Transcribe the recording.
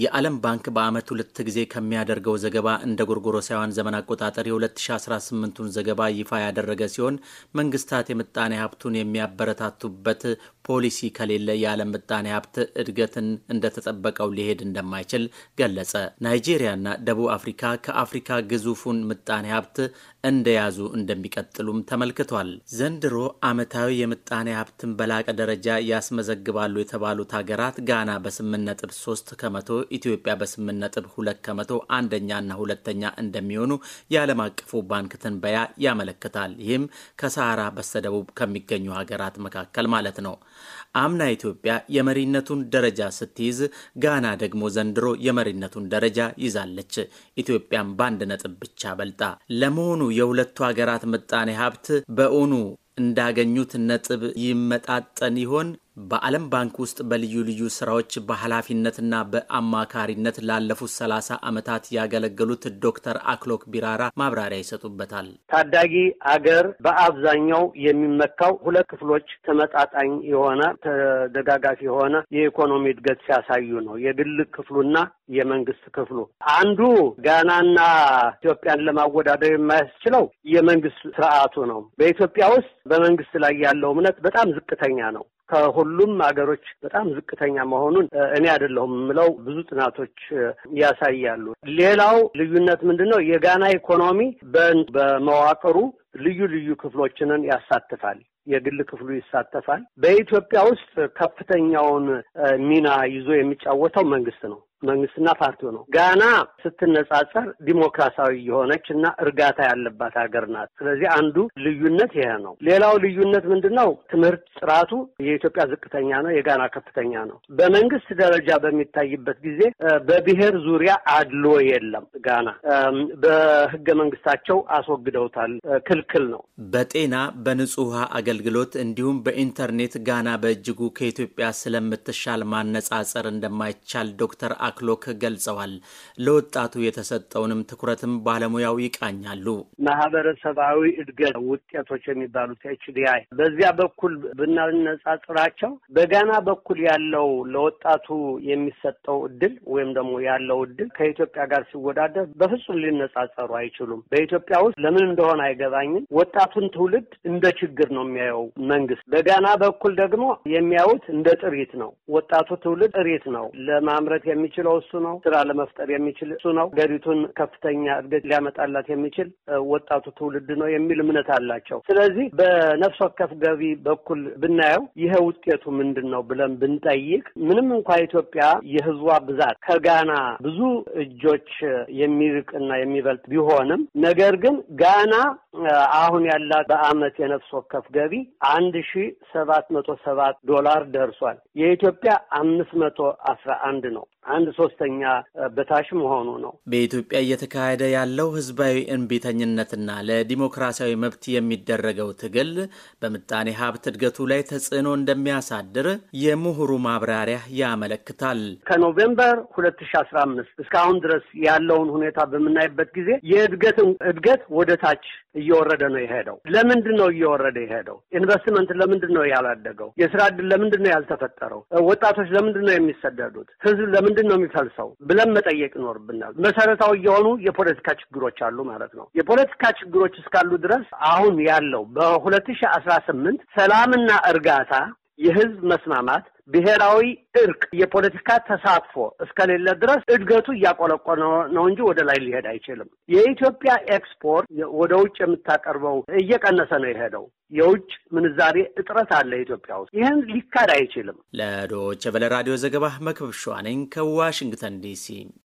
የዓለም ባንክ በዓመት ሁለት ጊዜ ከሚያደርገው ዘገባ እንደ ጎርጎሮሳውያን ዘመን አቆጣጠር የ2018ቱን ዘገባ ይፋ ያደረገ ሲሆን መንግስታት የምጣኔ ሀብቱን የሚያበረታቱበት ፖሊሲ ከሌለ የዓለም ምጣኔ ሀብት እድገትን እንደተጠበቀው ሊሄድ እንደማይችል ገለጸ። ናይጄሪያና ደቡብ አፍሪካ ከአፍሪካ ግዙፉን ምጣኔ ሀብት እንደያዙ እንደሚቀጥሉም ተመልክቷል። ዘንድሮ ዓመታዊ የምጣኔ ሀብትን በላቀ ደረጃ ያስመዘግባሉ የተባሉት ሀገራት ጋና በ8.3 ከመቶ፣ ኢትዮጵያ በ8.2 ከመቶ አንደኛና ሁለተኛ እንደሚሆኑ የዓለም አቀፉ ባንክ ትንበያ ያመለክታል። ይህም ከሰሃራ በስተደቡብ ከሚገኙ ሀገራት መካከል ማለት ነው። አምና ኢትዮጵያ የመሪነቱን ደረጃ ስትይዝ፣ ጋና ደግሞ ዘንድሮ የመሪነቱን ደረጃ ይዛለች። ኢትዮጵያም በአንድ ነጥብ ብቻ በልጣ። ለመሆኑ የሁለቱ ሀገራት ምጣኔ ሀብት በኦኑ እንዳገኙት ነጥብ ይመጣጠን ይሆን? በዓለም ባንክ ውስጥ በልዩ ልዩ ስራዎች በኃላፊነትና በአማካሪነት ላለፉት ሰላሳ ዓመታት ያገለገሉት ዶክተር አክሎክ ቢራራ ማብራሪያ ይሰጡበታል። ታዳጊ አገር በአብዛኛው የሚመካው ሁለት ክፍሎች ተመጣጣኝ የሆነ ተደጋጋፊ የሆነ የኢኮኖሚ እድገት ሲያሳዩ ነው፣ የግል ክፍሉና የመንግስት ክፍሉ። አንዱ ጋናና ኢትዮጵያን ለማወዳደር የማያስችለው የመንግስት ስርዓቱ ነው። በኢትዮጵያ ውስጥ በመንግስት ላይ ያለው እምነት በጣም ዝቅተኛ ነው። ከሁሉም ሀገሮች በጣም ዝቅተኛ መሆኑን እኔ አይደለሁም የምለው ብዙ ጥናቶች ያሳያሉ። ሌላው ልዩነት ምንድን ነው? የጋና ኢኮኖሚ በመዋቅሩ ልዩ ልዩ ክፍሎችንን ያሳትፋል። የግል ክፍሉ ይሳተፋል። በኢትዮጵያ ውስጥ ከፍተኛውን ሚና ይዞ የሚጫወተው መንግስት ነው። መንግስትና ፓርቲው ነው። ጋና ስትነጻጸር ዲሞክራሲያዊ የሆነች እና እርጋታ ያለባት ሀገር ናት። ስለዚህ አንዱ ልዩነት ይሄ ነው። ሌላው ልዩነት ምንድን ነው? ትምህርት ጥራቱ የኢትዮጵያ ዝቅተኛ ነው፣ የጋና ከፍተኛ ነው። በመንግስት ደረጃ በሚታይበት ጊዜ በብሔር ዙሪያ አድሎ የለም። ጋና በህገ መንግስታቸው አስወግደውታል፣ ክልክል ነው። በጤና በንጹህ ውሃ አገልግሎት እንዲሁም በኢንተርኔት ጋና በእጅጉ ከኢትዮጵያ ስለምትሻል ማነጻጸር እንደማይቻል ዶክተር አክሎክ ገልጸዋል። ለወጣቱ የተሰጠውንም ትኩረትም ባለሙያው ይቃኛሉ። ማህበረሰባዊ እድገት ውጤቶች የሚባሉት ኤችዲአይ በዚያ በኩል ብናነጻጽራቸው በጋና በኩል ያለው ለወጣቱ የሚሰጠው እድል ወይም ደግሞ ያለው እድል ከኢትዮጵያ ጋር ሲወዳደር በፍጹም ሊነጻጸሩ አይችሉም። በኢትዮጵያ ውስጥ ለምን እንደሆነ አይገባኝም ወጣቱን ትውልድ እንደ ችግር ነው የሚያየው መንግስት። በጋና በኩል ደግሞ የሚያዩት እንደ ጥሪት ነው። ወጣቱ ትውልድ ጥሪት ነው ለማምረት የሚችል የሚችለው እሱ ነው። ስራ ለመፍጠር የሚችል እሱ ነው። ሀገሪቱን ከፍተኛ እድገት ሊያመጣላት የሚችል ወጣቱ ትውልድ ነው የሚል እምነት አላቸው። ስለዚህ በነፍስ ወከፍ ገቢ በኩል ብናየው ይሄ ውጤቱ ምንድን ነው ብለን ብንጠይቅ ምንም እንኳ ኢትዮጵያ የህዝቧ ብዛት ከጋና ብዙ እጆች የሚርቅና የሚበልጥ ቢሆንም ነገር ግን ጋና አሁን ያላት በአመት የነፍስ ወከፍ ገቢ አንድ ሺ ሰባት መቶ ሰባት ዶላር ደርሷል። የኢትዮጵያ አምስት መቶ አስራ አንድ ነው። አንድ ሶስተኛ በታች መሆኑ ነው። በኢትዮጵያ እየተካሄደ ያለው ህዝባዊ እንቢተኝነትና ለዲሞክራሲያዊ መብት የሚደረገው ትግል በምጣኔ ሀብት እድገቱ ላይ ተጽዕኖ እንደሚያሳድር የምሁሩ ማብራሪያ ያመለክታል። ከኖቬምበር ሁለት ሺ አስራ አምስት እስካሁን ድረስ ያለውን ሁኔታ በምናይበት ጊዜ የእድገትን እድገት ወደ ታች እየወረደ ነው የሄደው። ለምንድን ነው እየወረደ የሄደው? ኢንቨስትመንት ለምንድን ነው ያላደገው? የስራ እድል ለምንድን ነው ያልተፈጠረው? ወጣቶች ለምንድን ነው የሚሰደዱት? ህዝብ ለምንድን ነው የሚፈልሰው? ብለን መጠየቅ ይኖርብናል። መሰረታዊ የሆኑ የፖለቲካ ችግሮች አሉ ማለት ነው። የፖለቲካ ችግሮች እስካሉ ድረስ አሁን ያለው በሁለት ሺህ አስራ ስምንት ሰላምና እርጋታ የህዝብ መስማማት ብሔራዊ እርቅ፣ የፖለቲካ ተሳትፎ እስከሌለ ድረስ እድገቱ እያቆለቆለ ነው እንጂ ወደ ላይ ሊሄድ አይችልም። የኢትዮጵያ ኤክስፖርት ወደ ውጭ የምታቀርበው እየቀነሰ ነው የሄደው። የውጭ ምንዛሬ እጥረት አለ ኢትዮጵያ ውስጥ። ይህን ሊካድ አይችልም። ለዶይቼ ቬለ ራዲዮ ዘገባ መክብብ ሸዋነኝ ከዋሽንግተን ዲሲ